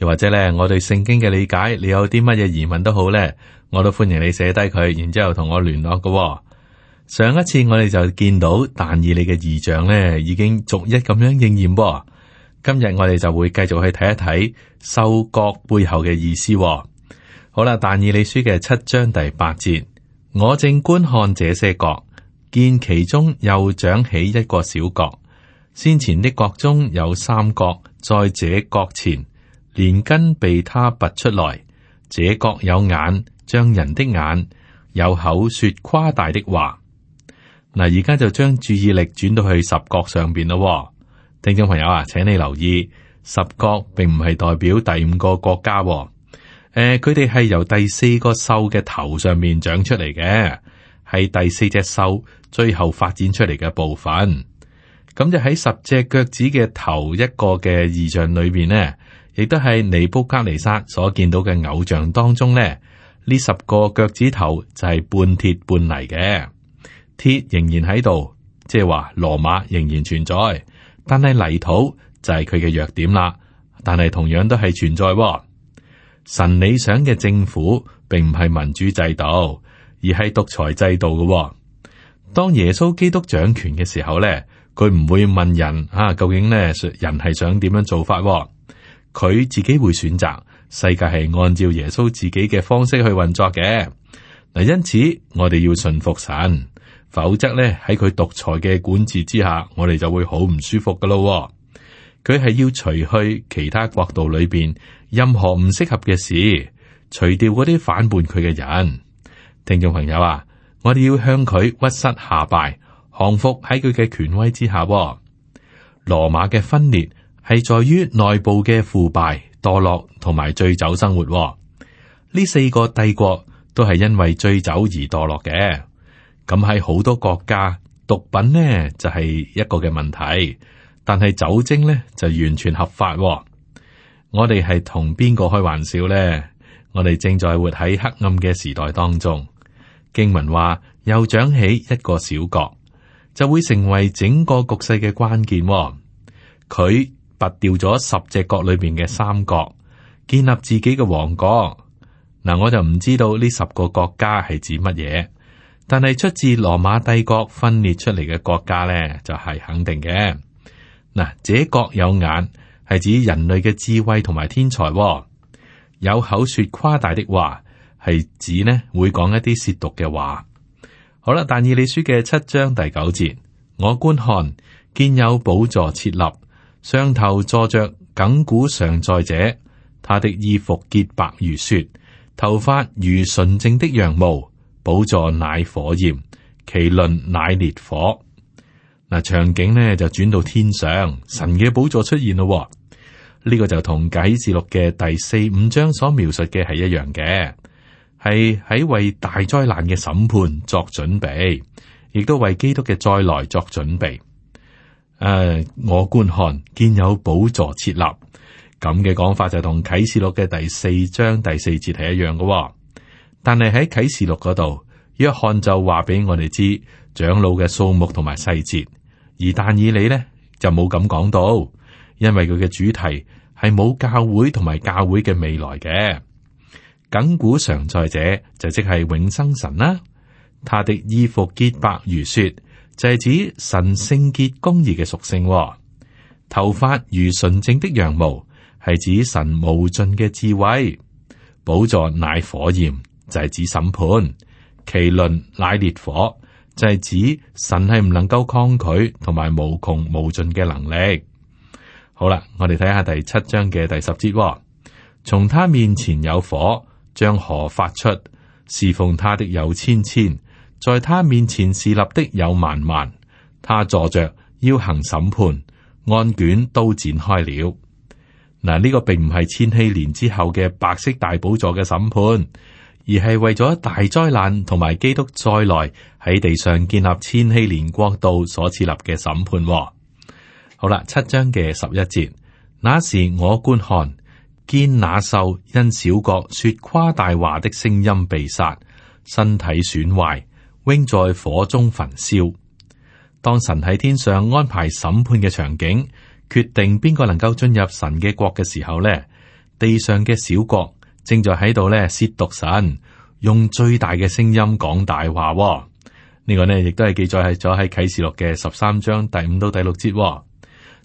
又或者咧，我對聖經嘅理解，你有啲乜嘢疑問都好咧，我都歡迎你寫低佢，然之後同我聯絡嘅、哦。上一次我哋就見到但以理嘅異象咧，已經逐一咁樣應驗、哦。今日我哋就會繼續去睇一睇獸角背後嘅意思、哦。好啦，但以理書嘅七章第八節，我正觀看這些角，見其中又長起一個小角。先前的角中有三角，在這角前。連根被他拔出來，這角有眼，像人的眼，有口說誇大的話。嗱，而家就將注意力轉到去十角上邊咯、哦。聽眾朋友啊，請你留意，十角並唔係代表第五個國家、哦。誒、呃，佢哋係由第四個獸嘅頭上面長出嚟嘅，係第四隻獸最後發展出嚟嘅部分。咁就喺十隻腳趾嘅頭一個嘅異象裏邊呢。亦都係尼布甲尼撒所見到嘅偶像當中咧，呢十個腳趾頭就係半鐵半泥嘅。鐵仍然喺度，即係話羅馬仍然存在，但係泥土就係佢嘅弱點啦。但係同樣都係存在、哦、神理想嘅政府，並唔係民主制度，而係獨裁制度嘅、哦。當耶穌基督掌權嘅時候咧，佢唔會問人啊，究竟咧人係想點樣做法、哦。佢自己會選擇，世界係按照耶穌自己嘅方式去運作嘅。嗱，因此我哋要信服神，否則咧喺佢獨裁嘅管治之下，我哋就會好唔舒服噶咯。佢係要除去其他國度裏邊任何唔適合嘅事，除掉嗰啲反叛佢嘅人。聽眾朋友啊，我哋要向佢屈膝下拜，降服喺佢嘅權威之下。羅馬嘅分裂。係在於內部嘅腐敗、墮落同埋醉酒生活、哦。呢四個帝國都係因為醉酒而墮落嘅。咁喺好多國家，毒品呢就係、是、一個嘅問題，但係酒精呢就完全合法、哦。我哋係同邊個開玩笑呢？我哋正在活喺黑暗嘅時代當中。經文話：又長起一個小角，就會成為整個局勢嘅關鍵、哦。佢。拔掉咗十隻角裏邊嘅三角，建立自己嘅王國。嗱，我就唔知道呢十個國家係指乜嘢，但係出自羅馬帝國分裂出嚟嘅國家咧，就係肯定嘅。嗱，這國有眼係指人類嘅智慧同埋天才，有口說誇大的話係指呢會講一啲褻瀆嘅話。好啦，《但以理書》嘅七章第九節，我觀看見有寶座設立。上頭坐着亙古常在者，他的衣服潔白如雪，頭髮如純正的羊毛，寶座乃火焰，其輪乃烈火。嗱，場景呢，就轉到天上，神嘅寶座出現咯、哦。呢、這個就同《啟示錄》嘅第四五章所描述嘅係一樣嘅，係喺為大災難嘅審判作準備，亦都為基督嘅再來作準備。誒、呃，我觀看見有寶座設立，咁嘅講法就同啟示錄嘅第四章第四節係一樣嘅、哦。但係喺啟示錄嗰度，約翰就話俾我哋知長老嘅數目同埋細節，而但以理呢，就冇咁講到，因為佢嘅主題係冇教會同埋教會嘅未來嘅。亘古常在者就即係永生神啦，他的衣服潔白如雪。就係指神聖潔公義嘅屬性、哦，頭髮如純正的羊毛，係指神無盡嘅智慧，寶座乃火焰，就係、是、指審判，其輪乃烈火，就係、是、指神係唔能夠抗拒同埋無窮無盡嘅能力。好啦，我哋睇下第七章嘅第十節、哦，從他面前有火，將河發出侍奉他的有千千。在他面前侍立的有萬萬，他坐着要行審判，案卷都展開了。嗱，呢個並唔係千禧年之後嘅白色大寶座嘅審判，而係為咗大災難同埋基督再來喺地上建立千禧年國度所設立嘅審判。好啦，七章嘅十一節，那時我觀看，見那獸因小角說誇大話的聲音被殺，身體損壞。喎，在火中焚燒。當神喺天上安排審判嘅場景，決定邊個能夠進入神嘅國嘅時候咧，地上嘅小國正在喺度咧褻瀆神，用最大嘅聲音講大話。呢、呢個呢亦都係記載喺咗喺啟示錄嘅十三章第五到第六節。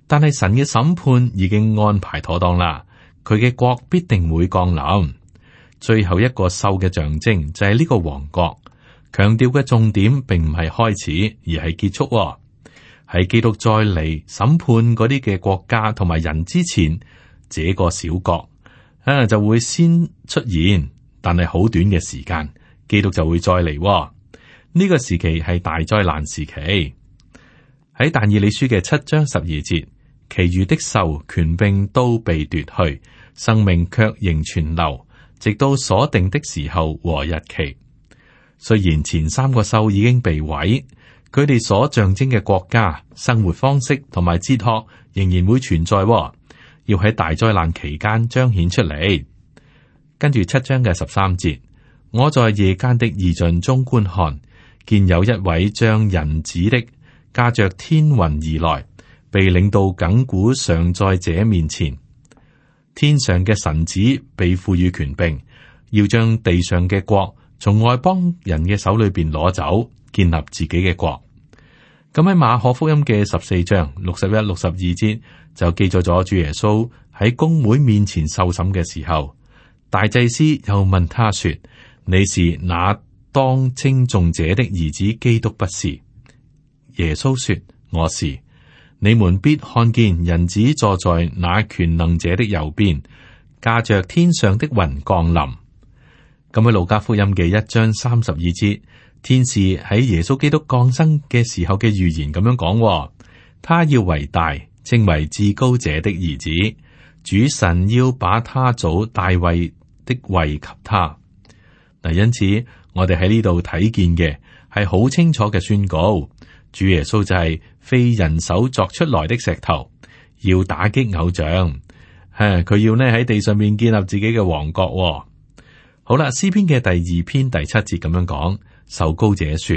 但係神嘅審判已經安排妥當啦，佢嘅國必定會降臨。最後一個獸嘅象徵就係呢個王國。強調嘅重點並唔係開始，而係結束、哦。喺基督再嚟審判嗰啲嘅國家同埋人之前，這個小國啊就會先出現，但係好短嘅時間，基督就會再嚟、哦。呢、這個時期係大災難時期。喺但以理書嘅七章十二節，其餘的獸，權柄都被奪去，生命却仍存留，直到所定的時候和日期。雖然前三個獸已經被毀，佢哋所象徵嘅國家、生活方式同埋哲學仍然會存在、哦，要喺大災難期間彰顯出嚟。跟住七章嘅十三節，我在夜間的異象中觀看，見有一位將人子的駕着天雲而來，被領到亙古常在者面前。天上嘅神子被賦予權柄，要將地上嘅國。從外邦人嘅手裏邊攞走，建立自己嘅國。咁喺馬可福音嘅十四章六十一、六十二節就記載咗主耶穌喺公會面前受審嘅時候，大祭司又問他說：你是那當稱頌者的兒子基督不是？耶穌說：我是。你們必看見人子坐在那權能者的右邊，駕着天上的雲降臨。咁喺路加福音嘅一章三十二節，天使喺耶穌基督降生嘅時候嘅預言咁樣講：他要為大，稱為至高者的兒子，主神要把他祖大衛的位給他。嗱，因此我哋喺呢度睇見嘅係好清楚嘅宣告，主耶穌就係非人手作出來的石頭，要打擊偶像，吓、啊、佢要呢喺地上面建立自己嘅王國。好啦，詩篇嘅第二篇第七節咁樣講，受膏者說：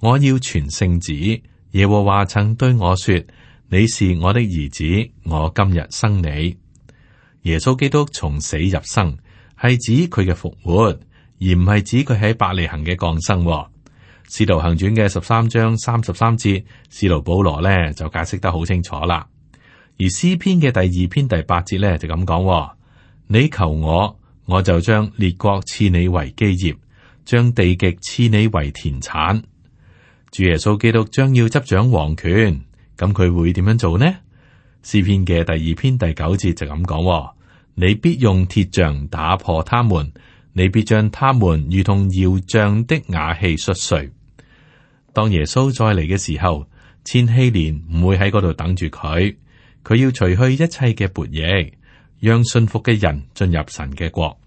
我要傳聖旨。耶和華曾對我說：你是我的兒子，我今日生你。耶穌基督從死入生，係指佢嘅復活，而唔係指佢喺伯利恒嘅降生。使徒行傳嘅十三章三十三節，使徒保羅呢就解釋得好清楚啦。而詩篇嘅第二篇第八節呢，就咁講：你求我。我就將列國賜你為基業，將地極賜你為田產。主耶穌基督將要執掌王權，咁佢會點樣做呢？詩篇嘅第二篇第九節就咁講喎：你必用鐵杖打破他們，你必將他們如同窯匠的瓦器摔碎。當耶穌再嚟嘅時候，千禧年唔會喺嗰度等住佢，佢要除去一切嘅悖逆。讓信服嘅人進入神嘅國。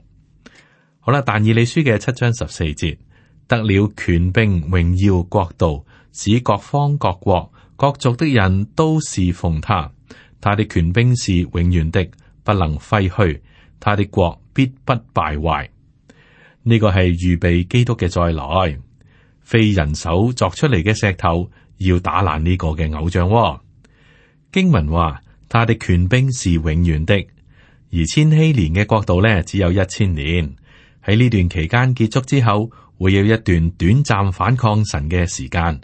好啦，《但以理書》嘅七章十四節，得了權柄榮耀國度，使各方各國各族的人都侍奉他。他的權柄是永遠的，不能廢去。他的國必不敗壞。呢個係預備基督嘅再來，非人手作出嚟嘅石頭，要打爛呢個嘅偶像。哦，經文話，他的權柄是永遠的。而千禧年嘅國度咧，只有一千年。喺呢段期間結束之後，會有一段短暫反抗神嘅時間。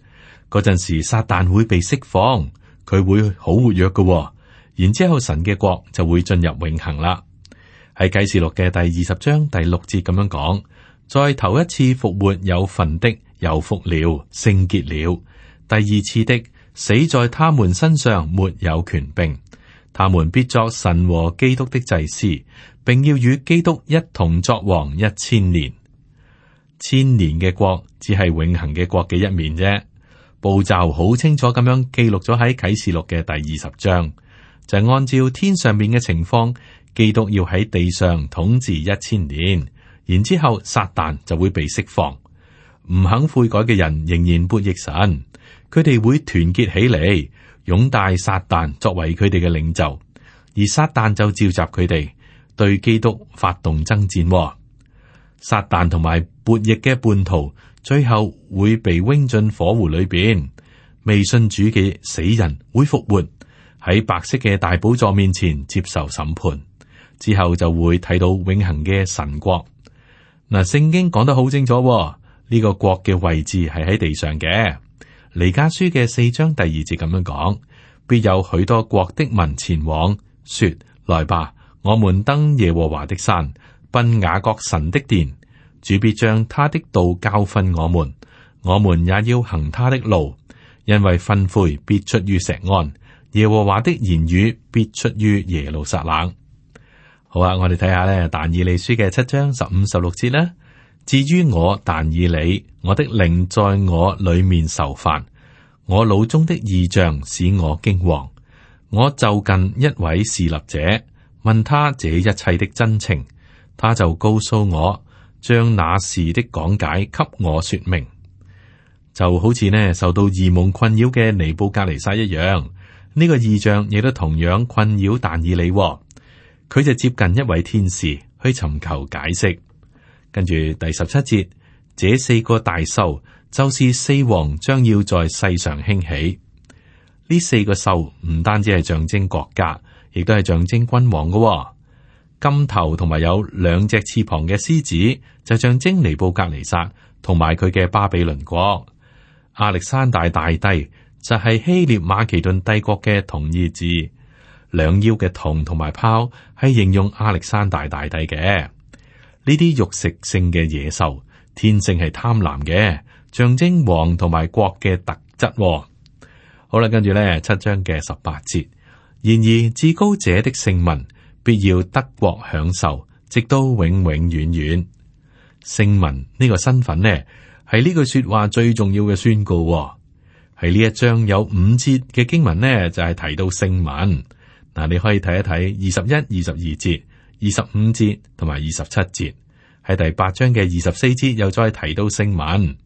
嗰陣時，撒旦會被釋放，佢會好活躍嘅、哦。然之後，神嘅國就會進入永恒啦。喺《啟示錄》嘅第二十章第六節咁樣講：，在頭一次復活有份的，有福了，聖潔了；第二次的死在他們身上沒有權柄。他們必作神和基督的祭司，並要與基督一同作王一千年。千年嘅國只係永恒嘅國嘅一面啫。步驟好清楚咁樣記錄咗喺啟示錄嘅第二十章，就係按照天上面嘅情況，基督要喺地上統治一千年，然之後撒旦就會被釋放，唔肯悔改嘅人仍然悖逆神，佢哋會團結起嚟。擁戴撒旦作為佢哋嘅領袖，而撒旦就召集佢哋對基督發動爭戰。撒旦同埋叛逆嘅叛徒最後會被扔進火湖裏邊。未信主嘅死人會復活，喺白色嘅大寶座面前接受審判，之後就會睇到永恆嘅神國。嗱，聖經講得好清楚，呢個國嘅位置係喺地上嘅。彌迦書嘅四章第二節咁樣講，必有許多國的民前往，說：來吧，我們登耶和華的山，奔雅各神的殿，主必將他的道教訓我們，我們也要行他的路，因為訓誨必出於錫安，耶和華的言語必出於耶路撒冷。好啊，我哋睇下咧，但以理書嘅七章十五十六節咧。至於我，但以理，我的靈在我裏面愁煩，我腦中的異象使我驚惶。我就近一位侍立者，問他這一切的真情，他就告訴我，將那時的講解給我說明。就好似呢受到異夢困擾嘅尼布甲尼撒一樣，呢、這個異象亦都同樣困擾但以理、哦，佢就接近一位天使去尋求解釋。跟住第十七節，這四個大獸就是四王將要在世上興起。呢四個獸唔單止係象徵國家，亦都係象徵君王噶、哦。金頭同埋有兩隻翅膀嘅獅子，就象徵尼布格尼撒同埋佢嘅巴比倫國。亞歷山大大帝就係希臘馬其頓帝國嘅同義字。兩腰嘅銅同埋拋係形容亞歷山大大帝嘅。呢啲肉食性嘅野獸，天性係貪婪嘅，象徵王同埋國嘅特質、哦。好啦，跟住咧七章嘅十八節。然而，至高者的聖民必要得國享受，直到永永遠遠。聖民呢個身份呢，係呢句說話最重要嘅宣告、哦。係呢一章有五節嘅經文呢，就係、是、提到聖民。嗱，你可以睇一睇二十一、二十二節。二十五節同埋二十七節，係第八章嘅二十四節又再提到聖民。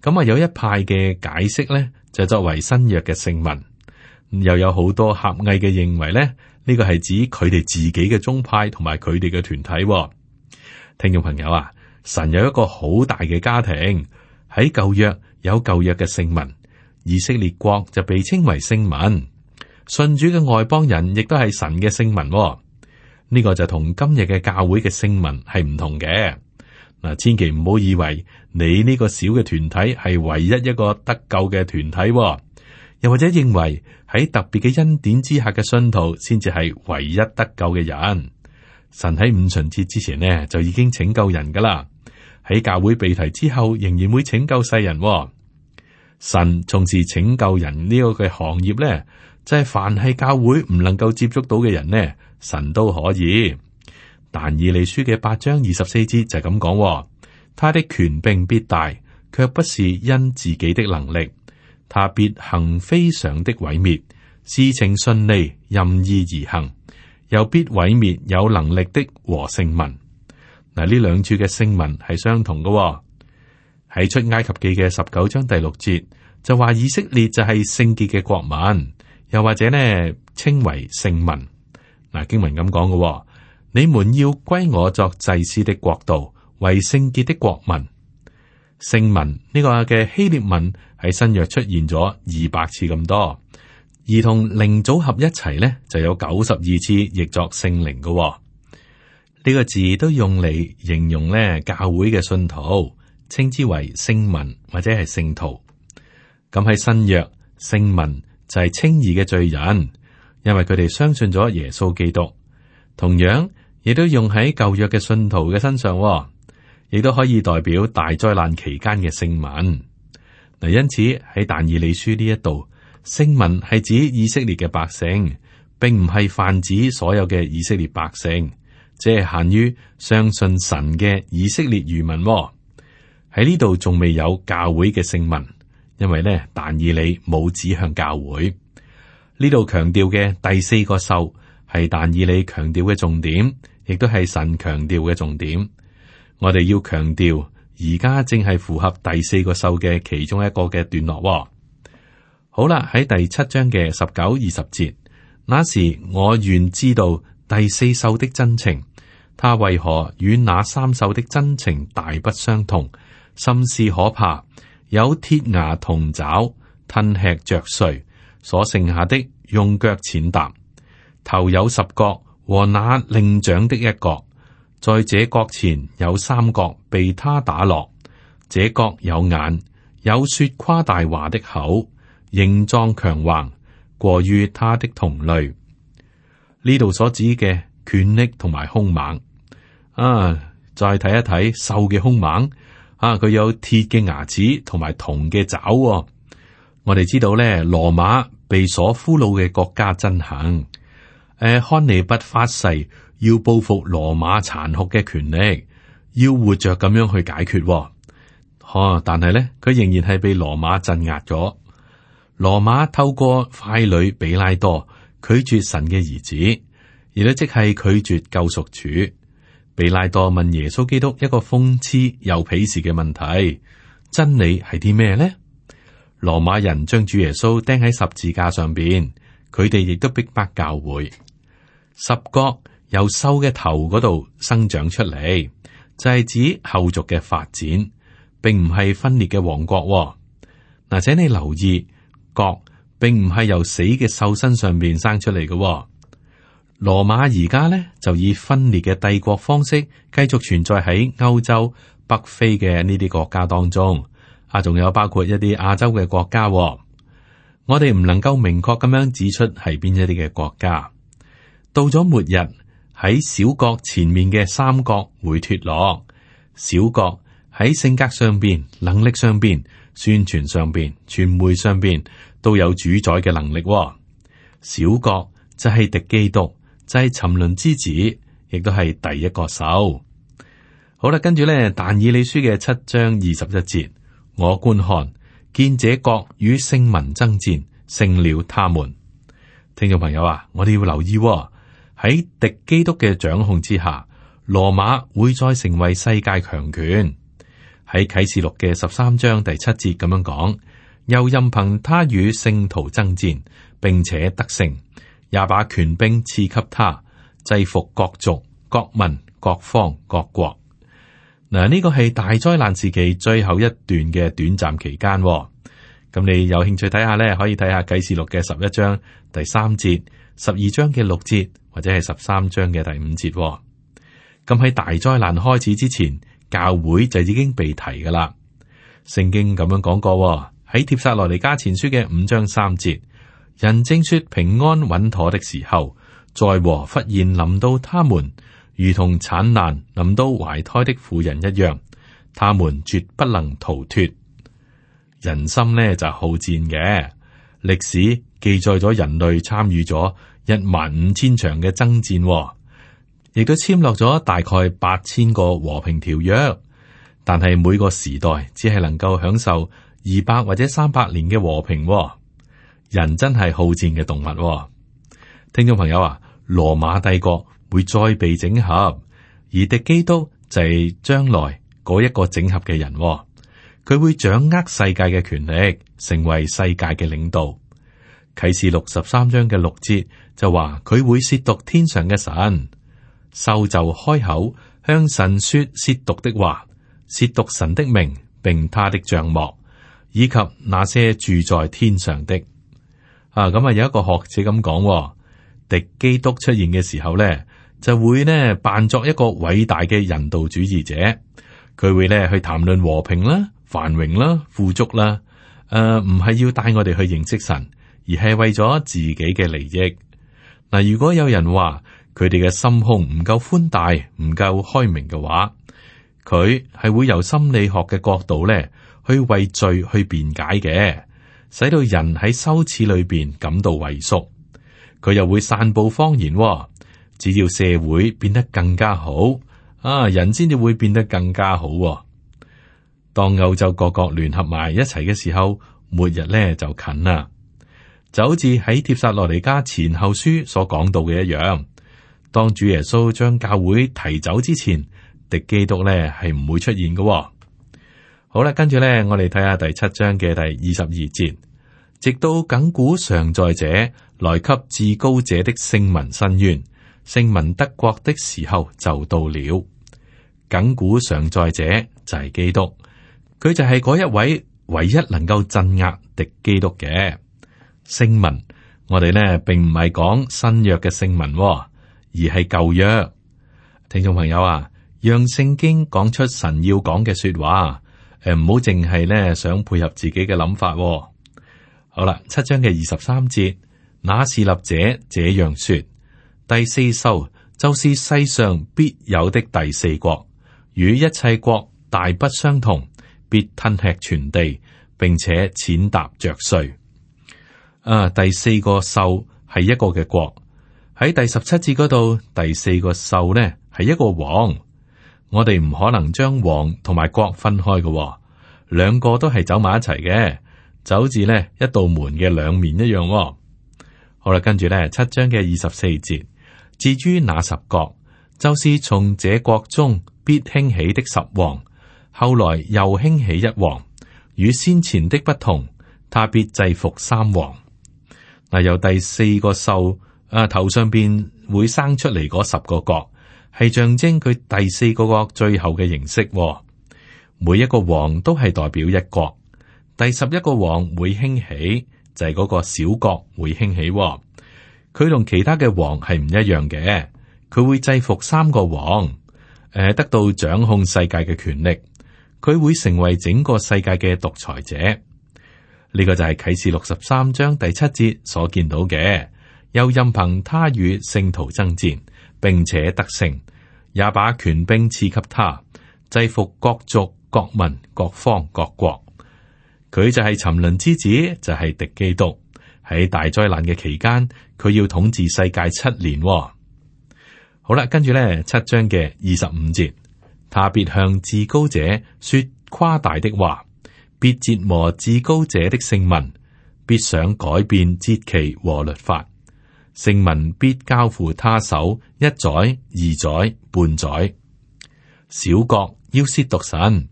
咁啊，有一派嘅解釋咧，就作為新約嘅聖民，又有好多狹隘嘅認為咧，呢個係指佢哋自己嘅宗派同埋佢哋嘅團體啊。聽眾朋友啊，神有一個好大嘅家庭，喺舊約有舊約嘅聖民，以色列國就被稱為聖民，信主嘅外邦人亦都係神嘅聖民啊。呢個就同今日嘅教會嘅聲明係唔同嘅。嗱，千祈唔好以為你呢個小嘅團體係唯一一個得救嘅團體，哦，又或者認為喺特別嘅恩典之下嘅信徒先至係唯一得救嘅人。神喺五旬節之前呢，就已經拯救人噶啦，喺教會被提之後仍然會拯救世人，哦。神從事拯救人呢個嘅行業咧，就係、是、凡係教會唔能夠接觸到嘅人呢。神都可以，但以理書嘅八章二十四節就係咁講。他的權柄必大，却不是因自己的能力。他必行非常的毀滅，事情順利任意而行，又必毀滅有能力的和聖民。嗱，呢兩處嘅聖民係相同噶、哦，喺出埃及記嘅十九章第六節就話以色列就係聖潔嘅國民，又或者呢稱為聖民。嗱，經文咁講嘅，你們要歸我作祭司的國度，為聖潔的國民。聖民呢、這個嘅希臘文喺新約出現咗二百次咁多，而同靈組合一齊呢，就有九十二次，譯作聖靈嘅。呢、這個字都用嚟形容呢教會嘅信徒，稱之為聖民或者係聖徒。咁喺新約，聖民就係稱義嘅罪人。因為佢哋相信咗耶穌基督，同樣亦都用喺舊約嘅信徒嘅身上，亦都可以代表大災難期間嘅聖民。嗱，因此喺但以理書呢一度，聖民係指以色列嘅百姓，並唔係泛指所有嘅以色列百姓，只係限於相信神嘅以色列餘民。喺呢度仲未有教會嘅聖民，因為咧但以理冇指向教會。呢度強調嘅第四個獸，係但以理強調嘅重點，亦都係神強調嘅重點。我哋要強調，而家正係符合第四個獸嘅其中一個嘅段落，哦。好啦，喺第七章嘅十九、二十節，那時我願知道第四獸的真情，它為何與那三獸的真情大不相同，甚是可怕，有鐵牙銅爪，吞吃嚼碎。所剩下的用腳踐踏，頭有十角和那另長的一角，在這角前有三角被他打落，這角有眼，有說誇大話的口，形狀強橫，過於他的同類。呢度所指嘅權力同埋凶猛啊！再睇一睇獸嘅凶猛啊！佢有鐵嘅牙齒同埋銅嘅爪、啊。我哋知道咧，羅馬被所俘虜嘅國家憎恨。誒、呃，漢尼拔發誓要報復羅馬殘酷嘅權力，要活着咁樣去解決、哦。嗬、啊，但係咧，佢仍然係被羅馬鎮壓咗。羅馬透過傀儡比拉多拒絕神嘅兒子，而咧即係拒絕救贖主。比拉多問耶穌基督一個諷刺又鄙視嘅問題：真理係啲咩咧？羅馬人將主耶穌釘喺十字架上邊，佢哋亦都逼迫教會。十角由獸嘅頭嗰度生長出嚟，就係指後續嘅發展，並唔係分裂嘅王國。嗱，請你留意，角並唔係由死嘅獸身上面生出嚟嘅。羅馬而家咧就以分裂嘅帝國方式繼續存在喺歐洲、北非嘅呢啲國家當中。啊，仲有包括一啲亞洲嘅國家，哦，我哋唔能夠明確咁樣指出係邊一啲嘅國家。到咗末日，喺小國前面嘅三國會脫落。小國喺性格上邊、能力上邊、宣傳上邊、傳媒上邊都有主宰嘅能力，哦。小國就係敵基督，就係、是、沉淪之子，亦都係第一個手。好啦，跟住咧但以理書嘅七章二十一節。我觀看見這角與聖民爭戰，勝了他們。聽眾朋友啊，我哋要留意喎，喺敵基督嘅掌控之下，羅馬會再成為世界強權。喺啟示錄嘅十三章第七節咁樣講，又任憑他與聖徒爭戰，並且得勝，也把權兵賜給他，制服各族、各民、各方、各國。嗱，呢個係大災難時期最後一段嘅短暫期間、哦，咁你有興趣睇下咧，可以睇下計時錄《計事錄》嘅十一章第三節、十二章嘅六節或者係十三章嘅第五節、哦。咁喺大災難開始之前，教會就已經被提噶啦。聖經咁樣講過喺帖撒羅尼加前書嘅五章三節，人正說平安穩妥的時候，災禍忽然臨到他們。如同產難臨到懷胎的婦人一樣，他們絕不能逃脫。人心呢，就係好戰嘅，歷史記載咗人類參與咗一萬五千場嘅爭戰，哦，亦都簽落咗大概八千個和平條約。但係每個時代只係能夠享受二百或者三百年嘅和平，哦。人真係好戰嘅動物，哦。聽眾朋友啊，羅馬帝國，會再被整合，而敵基督就係將來嗰一個整合嘅人、哦。佢會掌握世界嘅權力，成為世界嘅領導。啟示六十三章嘅六節就話佢會褻瀆天上嘅神，獸就開口向神說褻瀆的話，褻瀆神的名，並他的帳幕，以及那些住在天上的。啊，咁啊有一個學者咁講、哦，敵基督出現嘅時候咧。就會咧扮作一個偉大嘅人道主義者，佢會咧去談論和平啦，繁榮啦，富足啦。誒、呃，唔係要帶我哋去認識神，而係為咗自己嘅利益。嗱，如果有人話佢哋嘅心胸唔夠寬大、唔夠開明嘅話，佢係會由心理學嘅角度咧去為罪去辯解嘅，使到人喺羞恥裏邊感到萎縮。佢又會散布謊言、哦。只要社會變得更加好啊，人先至會變得更加好，啊。當歐洲各國聯合埋一齊嘅時候，末日咧就近啦，就好似喺帖撒羅尼加前後書所講到嘅一樣。當主耶穌將教會提走之前，敵基督咧係唔會出現嘅，啊。好啦，跟住咧，我哋睇下第七章嘅第二十二節，直到亙古常在者來給至高者的聖民伸冤。聖民得國的時候就到了，亙古常在者就係基督，佢就係嗰一位唯一能夠鎮壓敵基督嘅聖民。我哋呢並唔係講新約嘅聖民喎，而係舊約。聽眾朋友啊，讓聖經講出神要講嘅說話，誒，唔好淨係呢想配合自己嘅諗法喎。好啦，七章嘅二十三節，那侍立者這樣說。第四獸就是世上必有的第四國，與一切國大不相同，必吞吃全地，並且踐踏着碎。啊，第四個獸係一個嘅國，喺第十七節嗰度。第四個獸呢係一個王，我哋唔可能將王同埋國分開嘅，哦，兩個都係走埋一齊嘅。就好似呢一道門嘅兩面一樣，哦。好啦，跟住呢七章嘅二十四節。至於那十國，就是從這國中必興起的十王，後來又興起一王，與先前的不同，他必制服三王。嗱，由第四個獸啊頭上邊會生出嚟嗰十個國，係象徵佢第四個國最後嘅形式。每一個王都係代表一國，第十一個王會興起，就係嗰個小國會興起。佢同其他嘅王係唔一樣嘅，佢會制服三個王，誒，得到掌控世界嘅權力，佢會成為整個世界嘅獨裁者。呢、這個就係啟示錄十三章第七節所見到嘅，又任憑他與聖徒爭戰，並且得勝，也把權柄賜給他，制服各族、各民、各方、各國。佢就係沉淪之子，就係、是、敵基督。喺大災難嘅期間，佢要統治世界七年，哦。好啦，跟住咧七章嘅二十五節，他必向至高者說誇大的話，必折磨至高者的聖民，必想改變節期和律法，聖民必交付他手一載、二載、半載。小國要褻瀆神，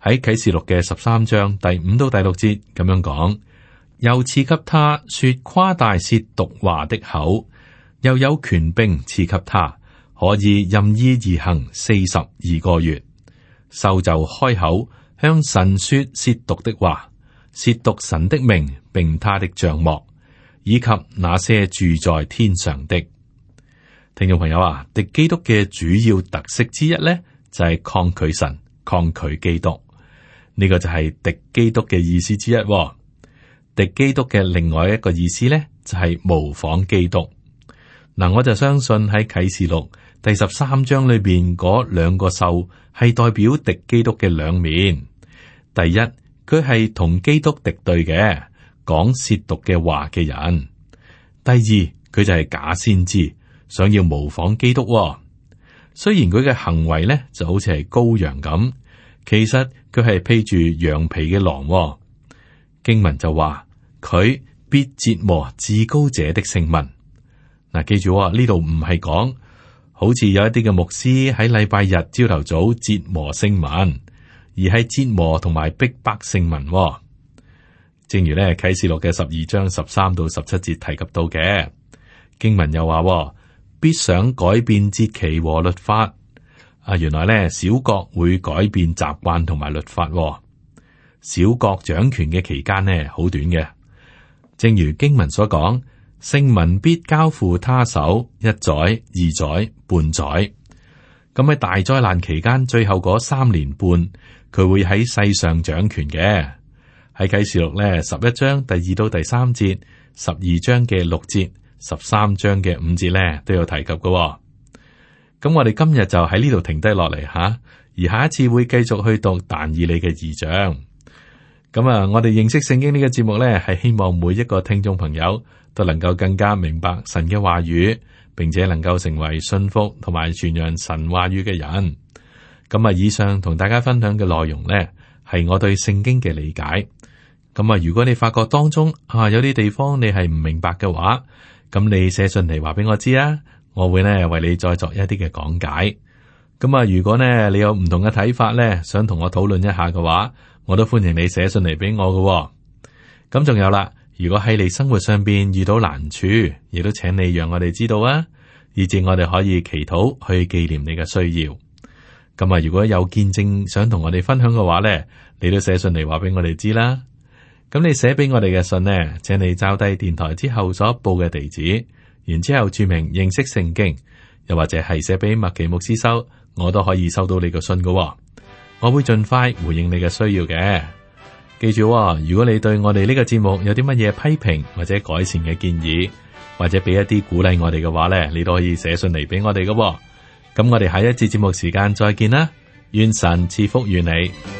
喺啟示錄嘅十三章第五到第六節咁樣講。又賜給他說誇大褻瀆話的口，又有權柄賜給他，可以任意而行四十二個月。獸就開口向神說褻瀆的話，褻瀆神的名，並他的帳幕，以及那些住在天上的聽眾朋友啊。敵基督嘅主要特色之一呢，就係、是、抗拒神，抗拒基督呢、這個就係敵基督嘅意思之一、哦。敵基督嘅另外一個意思呢，就係模仿基督。嗱，我就相信喺啟示錄第十三章裏邊嗰兩個獸係代表敵基督嘅兩面。第一，佢係同基督敵對嘅，講褻瀆嘅話嘅人；第二，佢就係假先知，想要模仿基督喎。雖然佢嘅行為呢就好似係羔羊咁，其實佢係披住羊皮嘅狼喎。經文就話佢必折磨至高者的聖民。嗱、啊、記住啊、哦，呢度唔係講，好似有一啲嘅牧師喺禮拜日朝頭早折磨聖民，而係折磨同埋逼迫聖民、哦。正如呢啟示錄嘅十二章十三到十七節提及到嘅經文又話、哦，必想改變節期和律法。啊，原來呢，小國會改變習慣同埋律法、哦。小國掌權嘅期間呢，好短嘅。正如經文所講，聖民必交付他手一載、二載、半載。咁喺大災難期間最後嗰三年半，佢會喺世上掌權嘅。喺《啟示錄》呢，十一章第二到第三節、十二章嘅六節、十三章嘅五節呢，都有提及嘅、哦。咁我哋今日就喺呢度停低落嚟吓，而下一次會繼續去讀但以理嘅二章。咁啊、嗯，我哋認識聖經呢、這個節目呢，係希望每一個聽眾朋友都能夠更加明白神嘅話語，並且能夠成為信服同埋傳揚神話語嘅人。咁、嗯、啊，以上同大家分享嘅內容呢，係我對聖經嘅理解。咁、嗯、啊，如果你發覺當中啊有啲地方你係唔明白嘅話，咁你寫信嚟，話俾我知啊，我會呢，為你再作一啲嘅講解。咁啊，如果呢，你有唔同嘅睇法咧，想同我討論一下嘅話，我都歡迎你寫信嚟俾我嘅。咁仲有啦，如果喺你生活上邊遇到難處，亦都請你讓我哋知道啊，以致我哋可以祈禱去紀念你嘅需要。咁啊，如果有見證想同我哋分享嘅話咧，你都寫信嚟話俾我哋知啦。咁你寫俾我哋嘅信呢，請你抄低電台之後所報嘅地址，然之後注明認識聖經，又或者係寫俾麥奇牧師收。我都可以收到你個信噶喎，我會盡快回應你嘅需要嘅。記住喎，如果你對我哋呢個節目有啲乜嘢批評或者改善嘅建議，或者俾一啲鼓勵我哋嘅話呢，你都可以寫信嚟俾我哋噶喎。咁我哋下一節節目時間再見啦，願神賜福於你。